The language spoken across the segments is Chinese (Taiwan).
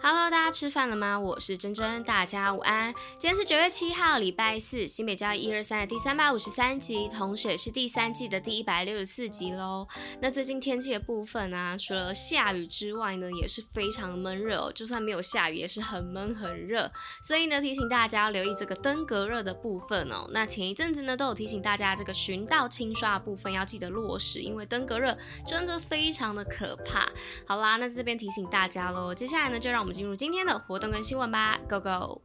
Hello，大家吃飯了嗎？我是珍珍，大家午安。今天是九月七號，禮拜四，新北教育一二三的第三百五十三集，同時也是第三季的第一百六十四集嘍。那最近天氣的部分呢、啊，除了下雨之外呢，也是非常悶熱，哦，就算沒有下雨也是很悶很熱，所以呢，提醒大家要留意這個登革熱的部分哦。那前一陣子呢，都有提醒大家這個巡倒清刷的部分要記得落實，因為登革熱真的非常的可怕。好啦，那這邊提醒大家嘍，接下來呢就讓。我們進入今天的活動跟新聞吧，Go Go！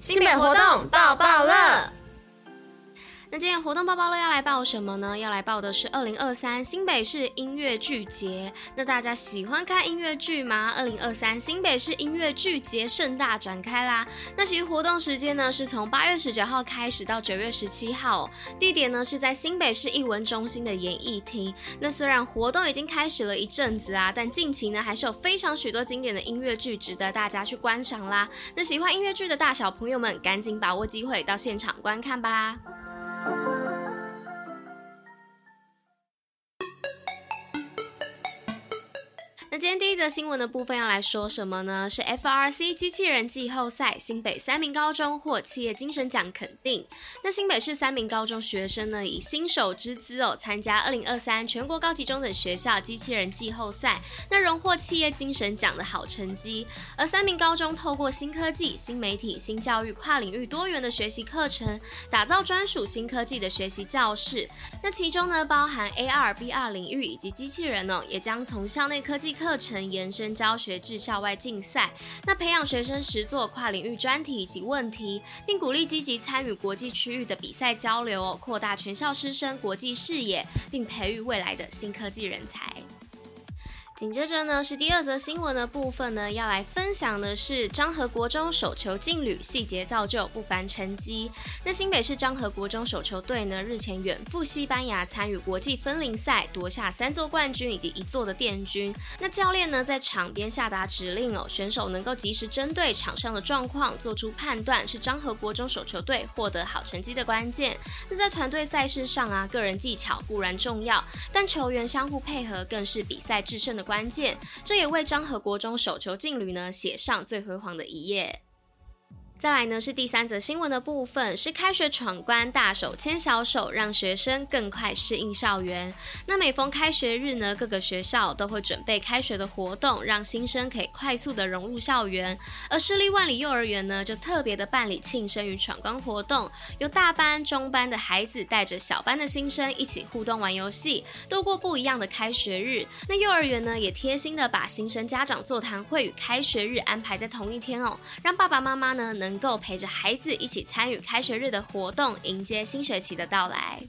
新北活動報報樂。那今天活動報報樂，要來報什麼呢？要來報的是二零二三新北市音樂劇節。那大家喜歡看音樂劇嗎？二零二三新北市音樂劇節盛大展開啦！那其實活動時間呢是從八月十九號開始到九月十七號，地點呢是在新北市藝文中心的演藝廳。那雖然活動已經開始了一陣子啊，但近期呢還是有非常許多經典的音樂劇值得大家去觀賞啦。那喜歡音樂劇的大小朋友們，趕緊把握機會到現場觀看吧！今天第一則新聞的部分要來說什麼呢？是 FRC 機器人季後賽，新北三民高中獲企業精神獎肯定。那新北市三民高中學生呢，以新手之姿哦，參加二零二三全國高級中等學校機器人季後賽，那榮獲企業精神獎的好成績。而三民高中透過新科技、新媒體、新教育跨領域多元的學習課程，打造專屬新科技的學習教室。那其中呢，包含 A R、B 2領域以及機器人哦，也將從校內科技課。課程延伸教學至校外競賽，那培養學生實作跨領域專題以及問題，並鼓勵積極參與國際區域的比賽交流，擴大全校師生國際視野，並培育未來的新科技人才。緊接着呢是第二則新聞的部分呢，要來分享的是漳和國中手球勁旅，細節造就不凡成績。那新北市漳和國中手球隊呢，日前遠赴西班牙參與國際分齡賽，奪下三座冠軍以及一座的殿軍。那教練呢在場邊下達指令哦，選手能夠及時針對場上的狀況做出判斷，是漳和國中手球隊獲得好成績的關鍵。那在團隊賽事上啊，個人技巧固然重要，但球員相互配合更是比賽制勝的。關鍵，這也為漳和國中手球勁旅呢寫上最輝煌的一頁。再來呢是第三則新聞的部分，是開學闖關，大手牽小手，讓學生更快適應校園。那每逢開學日呢，各個學校都會準備開學的活動，讓新生可以快速的融入校園。而市立萬里幼兒園呢，就特別的辦理慶生與闖關活動，由大班、中班的孩子帶着小班的新生一起互動玩遊戲，度過不一樣的開學日。那幼兒園呢，也貼心的把新生家長座談會與開學日安排在同一天哦，讓爸爸媽媽呢能。能夠陪着孩子一起參與開學日的活動，迎接新學期的到來。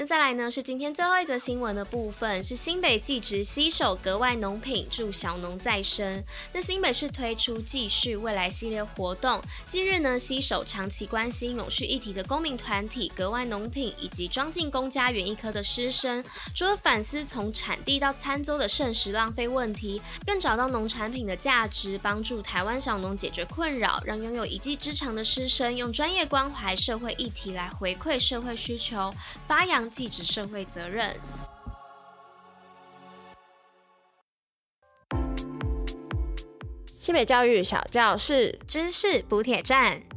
那再來呢，是今天最後一則新聞的部分，是新北技職攜手格外農品助小農再生。那新北市推出繼續未來系列活動，近日呢攜手長期關心永續議題的公民團體格外農品以及莊敬工家園藝科的師生，除了反思從產地到餐桌的剩食浪費問題，更找到農產品的價值，幫助台灣小農解決困擾，讓擁有一技之長的師生用專業關懷社會議題來回饋社會需求，發揚。盡止社會責任。新北教育小教室，知識補帖站。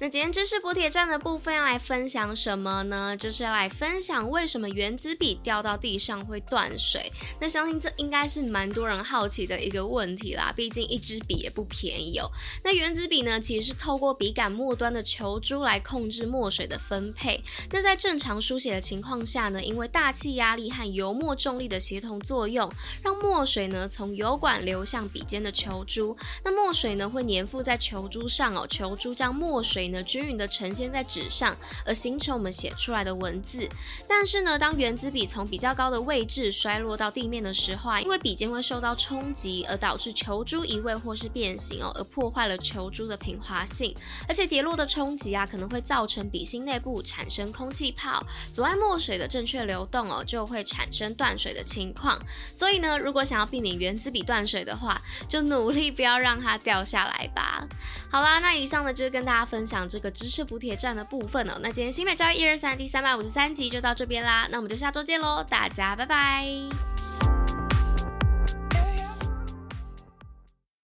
那今天知識補帖站的部分要來分享什麼呢？就是要來分享為什麼原子筆掉到地上會斷水。那相信這應該是蠻多人好奇的一個問題啦，畢竟一支筆也不便宜哦。那原子筆呢，其實是透過筆桿末端的球珠來控制墨水的分配。那在正常書寫的情況下呢，因為大氣壓力和油墨重力的協同作用，讓墨水呢從油管流向筆尖的球珠。那墨水呢會粘附在球珠上哦，球珠將墨水。均勻的呈現在紙上，而形成我們寫出來的文字。但是呢，當原子筆從比較高的位置摔落到地面的時候，因為筆尖會受到衝擊，而導致球珠移位或是變形哦，而破壞了球珠的平滑性。而且跌落的衝擊啊，可能會造成筆芯內部產生空氣泡，阻礙墨水的正確流動哦，就會產生斷水的情況。所以呢，如果想要避免原子筆斷水的話，就努力不要讓它掉下來吧。好啦，那以上呢就是跟大家分享。這個知識補帖站的部分呢、哦，那今天新北教育一二三第三百五十三集就到這邊啦，那我們就下周見嘍，大家拜拜。